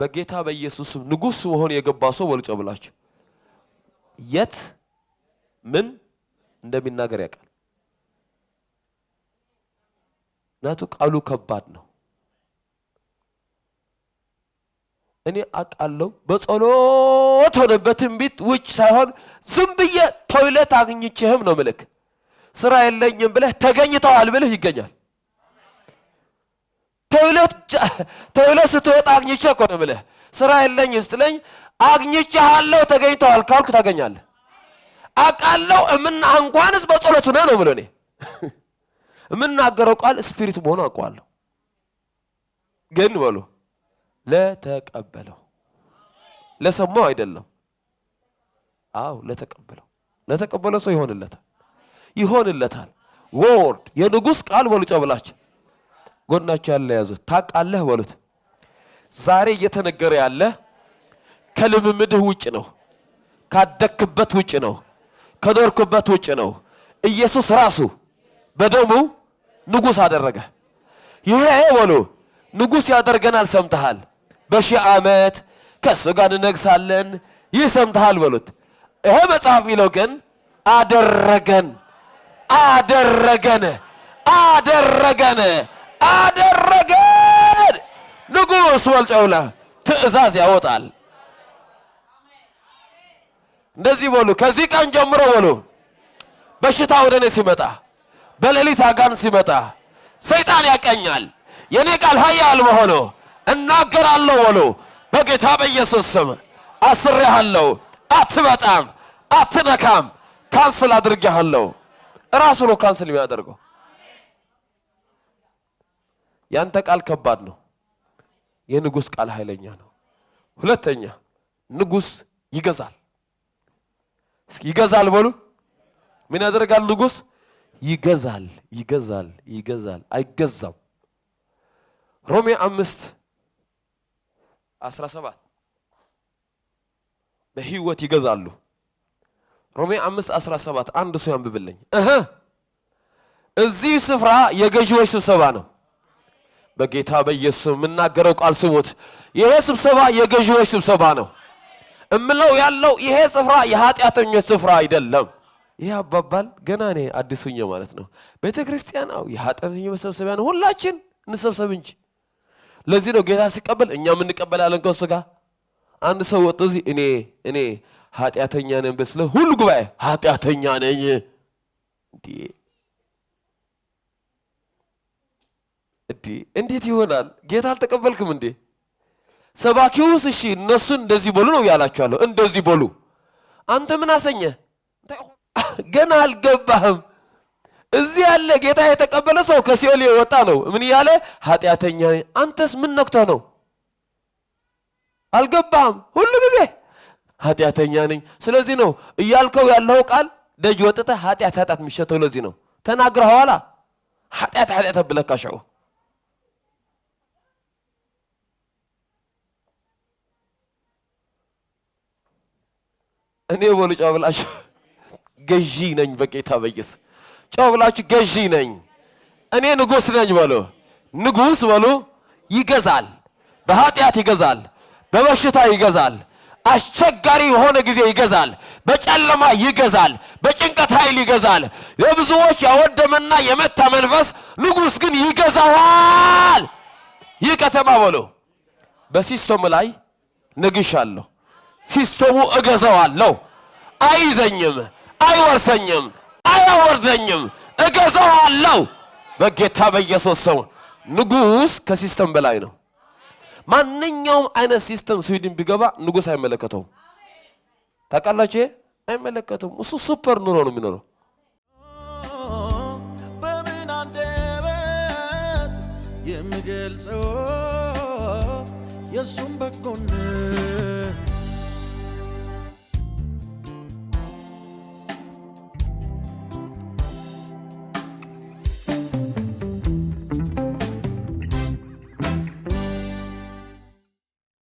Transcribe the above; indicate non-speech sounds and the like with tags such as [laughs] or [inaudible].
በጌታ በኢየሱስ ንጉስ መሆን የገባ ሰው ወልጮ ብላችሁ የት ምን እንደሚናገር ያውቃል። ናቱ ቃሉ ከባድ ነው። እኔ አውቃለሁ። በጸሎት ሆነ በትንቢት ውጭ ሳይሆን ዝም ብዬ ቶይለት አግኝቼህም ነው ምልክ ስራ የለኝም ብለህ ተገኝተዋል ብልህ ይገኛል። ማለት ተብሎ ስትወጣ አግኝቼ እኮ ነው የምልህ። ስራ የለኝ ስትለኝ አግኝቼሃለሁ ተገኝተዋል ካልኩ ታገኛለህ። አውቃለሁ እምና እንኳንስ በጸሎቱ ነህ ነው ብሎ እኔ የምናገረው [laughs] ቃል ስፒሪት መሆኑ አውቀዋለሁ። ግን በሉ ለተቀበለው ለሰማው አይደለም። አዎ ለተቀበለው ለተቀበለው ሰው ይሆንለታል፣ ይሆንለታል። ወርድ የንጉሥ ቃል በሉ ጨብላችን ጎናቸው ያለ ያዘ ታውቃለህ በሉት። ዛሬ እየተነገረ ያለ ከልምምድህ ውጭ ነው፣ ካደክበት ውጭ ነው፣ ከኖርኩበት ውጭ ነው። ኢየሱስ ራሱ በደሙ ንጉሥ አደረገ። ይሄ በሉ ንጉሥ ያደርገናል። ሰምተሃል? በሺህ ዓመት ከእሱ ጋር እንነግሳለን። ይህ ሰምተሃል በሉት። ይሄ መጽሐፍ የሚለው ግን አደረገን አደረገን አደረገን አደረገን። ንጉሥ ወልጨውላ ትእዛዝ ያወጣል። እንደዚህ በሉ፣ ከዚህ ቀን ጀምሮ በሉ፣ በሽታ ወደ እኔ ሲመጣ፣ በሌሊት አጋን ሲመጣ፣ ሰይጣን ያቀኛል። የእኔ ቃል ኃያል መሆኑ እናገራለሁ በሉ። በጌታ በኢየሱስ ስም አስሬሃለሁ። አትመጣም፣ አትነካም፣ ካንስል አድርጌሃለሁ። ራሱ ነው ካንስል የሚያደርገው። ያንተ ቃል ከባድ ነው። የንጉሥ ቃል ኃይለኛ ነው። ሁለተኛ ንጉሥ ይገዛል። እስኪ ይገዛል በሉ። ምን ያደርጋል ንጉሥ? ይገዛል፣ ይገዛል፣ ይገዛል። አይገዛም። ሮሜ አምስት አስራ ሰባት በህይወት ይገዛሉ። ሮሜ አምስት አስራ ሰባት አንድ ሰው ያንብብልኝ። እህ እዚህ ስፍራ የገዢዎች ስብሰባ ነው። በጌታ በኢየሱስ የምናገረው ቃል ስሙት። ይሄ ስብሰባ የገዢዎች ስብሰባ ነው እምለው ያለው ይሄ ስፍራ የኃጢአተኞች ስፍራ አይደለም። ይህ አባባል ገና እኔ አዲሱኝ ማለት ነው። ቤተ ክርስቲያን ው የኃጢአተኞች መሰብሰቢያ ነው። ሁላችን እንሰብሰብ እንጂ። ለዚህ ነው ጌታ ሲቀበል እኛም እንቀበላለን ከእሱ ጋር። አንድ ሰው ወጥቶ እዚህ እኔ እኔ ኃጢአተኛ ነኝ በስለ ሁሉ ጉባኤ ኃጢአተኛ ነኝ እንዲህ እንዴ እንዴት ይሆናል? ጌታ አልተቀበልክም እንዴ? ሰባኪውስ እሺ እነሱን እንደዚህ በሉ ነው ያላችኋለሁ፣ እንደዚህ በሉ። አንተ ምን አሰኘ? ገና አልገባህም። እዚህ ያለ ጌታ የተቀበለ ሰው ከሲኦል የወጣ ነው። ምን እያለ ኃጢአተኛ። አንተስ ምን ነክቶ ነው? አልገባህም። ሁሉ ጊዜ ኃጢአተኛ ነኝ። ስለዚህ ነው እያልከው ያለው ቃል ደጅ ወጥተህ ኃጢአት ኃጢአት የሚሸተው ለዚህ ነው። ተናግረ ኋላ ኃጢአት ኃጢአት ብለካሸው እኔ በሉ ጫው ብላችሁ ገዢ ነኝ በጌታ በየስ ጫው ብላችሁ ገዢ ነኝ። እኔ ንጉስ ነኝ በሉ። ንጉስ በሉ ይገዛል። በኃጢአት ይገዛል። በበሽታ ይገዛል። አስቸጋሪ የሆነ ጊዜ ይገዛል። በጨለማ ይገዛል። በጭንቀት ኃይል ይገዛል። የብዙዎች ያወደመና የመታ መንፈስ ንጉስ ግን ይገዛዋል። ይህ ከተማ በሎ በሲስተሙ ላይ ነግሻለሁ። ሲስተሙ እገዛዋለሁ። አይዘኝም፣ አይወርሰኝም፣ አያወርደኝም። እገዛዋለሁ በጌታ በኢየሱስ ሰው። ንጉሥ ከሲስተም በላይ ነው። ማንኛውም አይነት ሲስተም ስዊድን ቢገባ ንጉሥ አይመለከተውም። ታውቃላችሁ፣ አይመለከተውም። እሱ ሱፐር ኑሮ ነው የሚኖረው። በምን አንደበት የምገልጸው የእሱም በጎነት